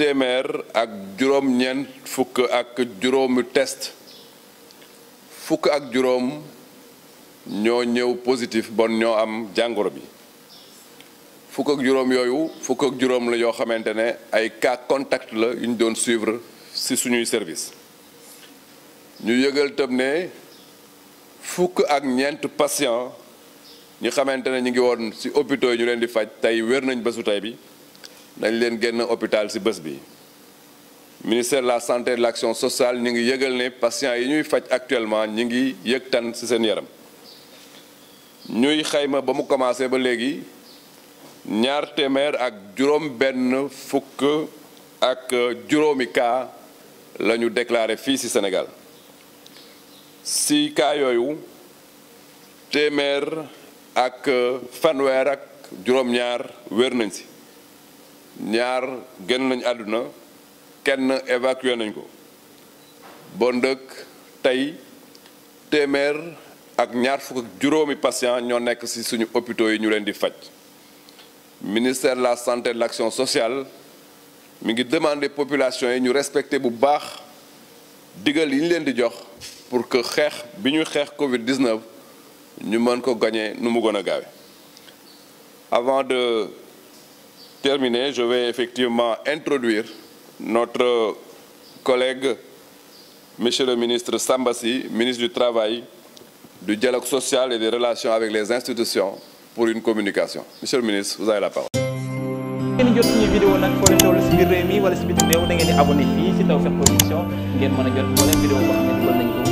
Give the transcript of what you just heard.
téeméer ak juróom-ñeent fukk ak juróomi test fukk ak juróom ñoo ñëw positif bon ñoo am jàngoro bi fukk ak juróom yooyu fukk juróom la yoo xamante ne ay cas contact la yuñ doon suivre si suñuy service ñu yëgal tam ne fukk ak ñeent patient ñu xamante ne ñu ngi woon ci hôpitaux yi ñu leen di faj tey wér nañ bésu tey bi nañ leen génn hôpital ci bés bi ministère la santé de l'action sociale ñi ngi yëgal ne patients yi ñuy faj actuellement ñi ngi yëg tan ci seen yaram ñuy xayma ba mu commencé ba léegi ñaar téeméer ak juróom benn fukk ak juróomi cas la ñu déclaré fii ci senegal ci kaa yooyu téeméer ak fanweer ak juróom-ñaar wér nañ ci ñaar génn nañ àdduna kenn évacué nañ ko bon ndëkk tey téeméer ak ñaar fukk juróomi patient ñoo nekk ci suñu hôpitaux yi ñu leen di faj ministère de la santé de l'action sociale mu ngi demander population yi ñu respecter bu baax digal yi ñu leen di jox pour que xeex bi ñuy xeex Covid 19 ñu mën ko gagner nu mu gën a gaawe de terminé, je vais effectivement introduire notre collègue, Monsieur le ministre Sambassi, ministre du Travail, du dialogue social et des relations avec les institutions pour une communication. Monsieur le ministre, vous avez la parole. ngeen jot ñu vidéo nag foo leen toll si biir réew mi wala si bitim réew da ngeen di abonné fii si Tawfekh Production ngeen mën a jot moo leen vidéo boo xam ne dugal nañ ko